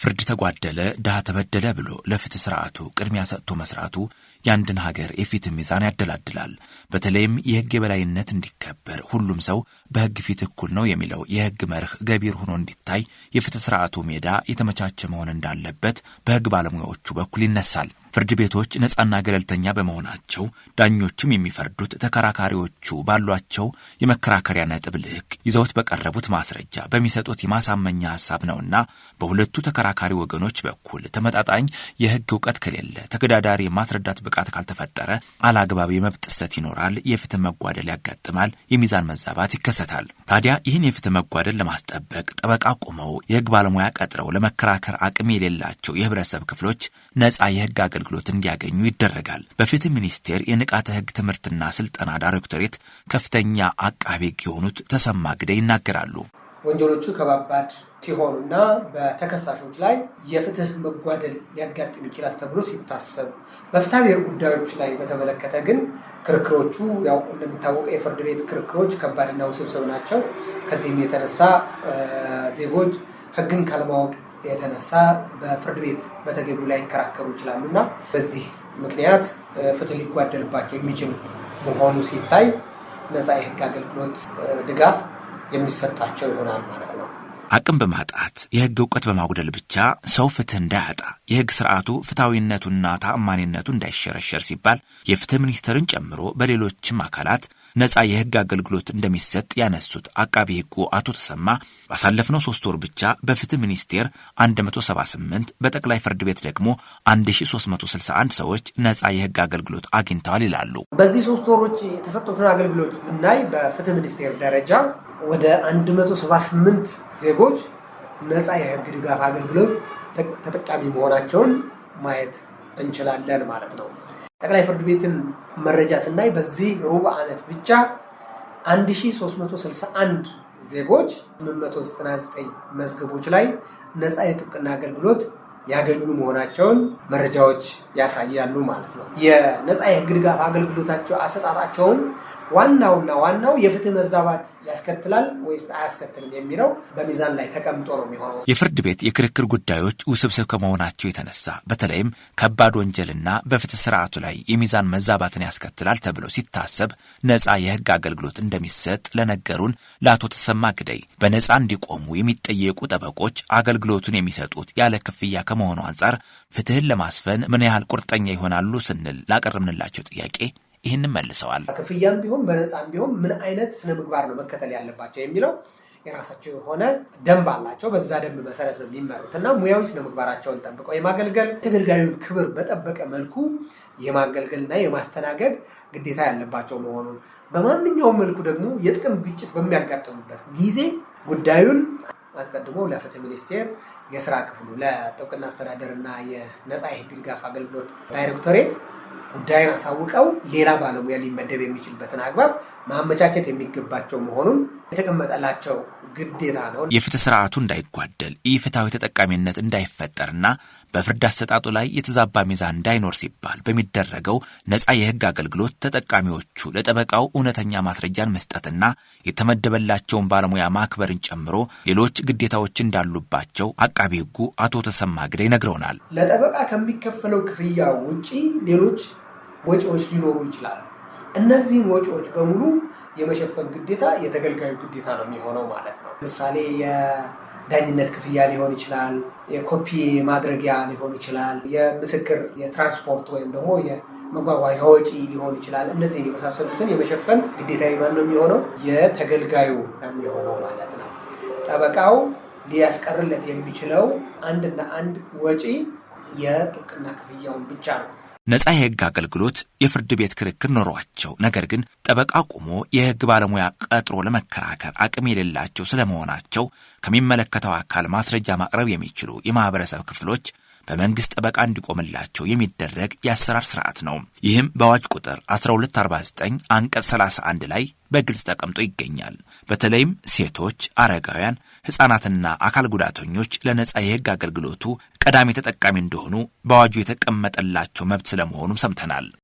ፍርድ ተጓደለ፣ ድሃ ተበደለ ብሎ ለፍትህ ስርዓቱ ቅድሚያ ሰጥቶ መስራቱ የአንድን ሀገር የፊትን ሚዛን ያደላድላል። በተለይም የህግ የበላይነት እንዲከበር ሁሉም ሰው በህግ ፊት እኩል ነው የሚለው የህግ መርህ ገቢር ሆኖ እንዲታይ የፍትህ ስርዓቱ ሜዳ የተመቻቸ መሆን እንዳለበት በህግ ባለሙያዎቹ በኩል ይነሳል። ፍርድ ቤቶች ነጻና ገለልተኛ በመሆናቸው ዳኞችም የሚፈርዱት ተከራካሪዎቹ ባሏቸው የመከራከሪያ ነጥብ ልክ ይዘውት በቀረቡት ማስረጃ በሚሰጡት የማሳመኛ ሀሳብ ነውና በሁለቱ ተከራካሪ ወገኖች በኩል ተመጣጣኝ የህግ እውቀት ከሌለ፣ ተገዳዳሪ የማስረዳት ብቃት ካልተፈጠረ አላግባብ የመብት ጥሰት ይኖራል፣ የፍትህ መጓደል ያጋጥማል፣ የሚዛን መዛባት ይከሰታል። ታዲያ ይህን የፍትህ መጓደል ለማስጠበቅ ጠበቃ ቁመው የህግ ባለሙያ ቀጥረው ለመከራከር አቅም የሌላቸው የህብረተሰብ ክፍሎች ነጻ አገ አገልግሎት እንዲያገኙ ይደረጋል። በፍትህ ሚኒስቴር የንቃተ ህግ ትምህርትና ስልጠና ዳይሬክቶሬት ከፍተኛ አቃቤ ህግ የሆኑት ተሰማ ግደ ይናገራሉ። ወንጀሎቹ ከባባድ ሲሆኑና በተከሳሾች ላይ የፍትህ መጓደል ሊያጋጥም ይችላል ተብሎ ሲታሰብ፣ በፍትሐ ብሔር ጉዳዮች ላይ በተመለከተ ግን ክርክሮቹ ያው እንደሚታወቀው የፍርድ ቤት ክርክሮች ከባድና ውስብስብ ናቸው። ከዚህም የተነሳ ዜጎች ህግን ካለማወቅ የተነሳ በፍርድ ቤት በተገቢው ላይ ይከራከሩ ይችላሉ እና በዚህ ምክንያት ፍትህ ሊጓደልባቸው የሚችል መሆኑ ሲታይ ነፃ የህግ አገልግሎት ድጋፍ የሚሰጣቸው ይሆናል ማለት ነው። አቅም በማጣት የህግ እውቀት በማጉደል ብቻ ሰው ፍትህ እንዳያጣ የህግ ስርዓቱ ፍትሐዊነቱና ተአማኒነቱ እንዳይሸረሸር ሲባል የፍትህ ሚኒስቴርን ጨምሮ በሌሎችም አካላት ነፃ የህግ አገልግሎት እንደሚሰጥ ያነሱት አቃቢ ህጉ አቶ ተሰማ ባሳለፍነው ሶስት ወር ብቻ በፍትህ ሚኒስቴር 178 በጠቅላይ ፍርድ ቤት ደግሞ 1361 ሰዎች ነፃ የህግ አገልግሎት አግኝተዋል ይላሉ። በዚህ ሶስት ወሮች የተሰጡትን አገልግሎት ብናይ በፍትህ ሚኒስቴር ደረጃ ወደ 178 ዜጎች ነፃ የህግ ድጋፍ አገልግሎት ተጠቃሚ መሆናቸውን ማየት እንችላለን ማለት ነው። ጠቅላይ ፍርድ ቤትን መረጃ ስናይ በዚህ ሩብ ዓመት ብቻ 1361 ዜጎች 899 መዝገቦች ላይ ነፃ የጥብቅና አገልግሎት ያገኙ መሆናቸውን መረጃዎች ያሳያሉ ማለት ነው። የነፃ የህግ ድጋፍ አገልግሎታቸው አሰጣጣቸውም ዋናውና ዋናው የፍትህ መዛባት ያስከትላል ወይ አያስከትልም የሚለው በሚዛን ላይ ተቀምጦ ነው የሚሆነው። የፍርድ ቤት የክርክር ጉዳዮች ውስብስብ ከመሆናቸው የተነሳ በተለይም ከባድ ወንጀልና በፍትህ ስርዓቱ ላይ የሚዛን መዛባትን ያስከትላል ተብሎ ሲታሰብ ነፃ የህግ አገልግሎት እንደሚሰጥ ለነገሩን ለአቶ ተሰማ ግደይ በነፃ እንዲቆሙ የሚጠየቁ ጠበቆች አገልግሎቱን የሚሰጡት ያለ ክፍያ ከመሆኑ አንጻር ፍትህን ለማስፈን ምን ያህል ቁርጠኛ ይሆናሉ ስንል ላቀረብንላቸው ጥያቄ ይህን መልሰዋል። ክፍያም ቢሆን በነፃም ቢሆን ምን አይነት ስነ ምግባር ነው መከተል ያለባቸው የሚለው የራሳቸው የሆነ ደንብ አላቸው። በዛ ደንብ መሰረት ነው የሚመሩት እና ሙያዊ ስነ ምግባራቸውን ጠብቀው የማገልገል ተገልጋዩን ክብር በጠበቀ መልኩ የማገልገልና የማስተናገድ ግዴታ ያለባቸው መሆኑን በማንኛውም መልኩ ደግሞ የጥቅም ግጭት በሚያጋጥሙበት ጊዜ ጉዳዩን አስቀድሞ ለፍትህ ሚኒስቴር የስራ ክፍሉ ለጥብቅና አስተዳደርና የነፃ የህግ ድጋፍ አገልግሎት ዳይሬክቶሬት ጉዳይን አሳውቀው ሌላ ባለሙያ ሊመደብ የሚችልበትን አግባብ ማመቻቸት የሚገባቸው መሆኑን የተቀመጠላቸው ግዴታ ነው። የፍትህ ስርዓቱ እንዳይጓደል ኢፍትሐዊ ተጠቃሚነት እንዳይፈጠርና በፍርድ አሰጣጡ ላይ የተዛባ ሚዛን እንዳይኖር ሲባል በሚደረገው ነፃ የህግ አገልግሎት ተጠቃሚዎቹ ለጠበቃው እውነተኛ ማስረጃን መስጠትና የተመደበላቸውን ባለሙያ ማክበርን ጨምሮ ሌሎች ግዴታዎች እንዳሉባቸው አቃቢ ህጉ አቶ ተሰማ ግደ ይነግረውናል። ለጠበቃ ከሚከፈለው ክፍያ ውጪ ሌሎች ወጪዎች ሊኖሩ ይችላሉ። እነዚህን ወጪዎች በሙሉ የመሸፈን ግዴታ የተገልጋዩ ግዴታ ነው የሚሆነው ማለት ነው። ለምሳሌ የዳኝነት ክፍያ ሊሆን ይችላል፣ የኮፒ ማድረጊያ ሊሆን ይችላል፣ የምስክር የትራንስፖርት ወይም ደግሞ የመጓጓዣ ወጪ ሊሆን ይችላል። እነዚህን የመሳሰሉትን የመሸፈን ግዴታ ማን ነው የሚሆነው? የተገልጋዩ ነው የሚሆነው ማለት ነው። ጠበቃው ሊያስቀርለት የሚችለው አንድና አንድ ወጪ የጥብቅና ክፍያውን ብቻ ነው። ነፃ የህግ አገልግሎት የፍርድ ቤት ክርክር ኖሯቸው ነገር ግን ጠበቃ ቆሞ የህግ ባለሙያ ቀጥሮ ለመከራከር አቅም የሌላቸው ስለመሆናቸው ከሚመለከተው አካል ማስረጃ ማቅረብ የሚችሉ የማህበረሰብ ክፍሎች በመንግስት ጠበቃ እንዲቆምላቸው የሚደረግ የአሰራር ስርዓት ነው። ይህም በአዋጅ ቁጥር 1249 አንቀጽ 31 ላይ በግልጽ ተቀምጦ ይገኛል። በተለይም ሴቶች፣ አረጋውያን፣ ሕፃናትና አካል ጉዳተኞች ለነፃ የህግ አገልግሎቱ ቀዳሚ ተጠቃሚ እንደሆኑ በአዋጁ የተቀመጠላቸው መብት ስለመሆኑም ሰምተናል።